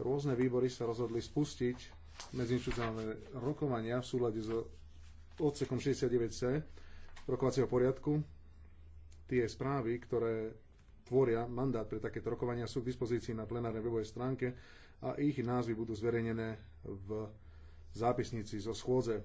Rôzne výbory sa rozhodli spustiť medziinstitucionálne rokovania v súlade s odsekom 69c rokovacieho poriadku. Tie správy, ktoré tvoria mandát pre takéto rokovania, sú k dispozícii na plenárnej webovej stránke a ich názvy budú zverejnené v zápisnici zo schôdze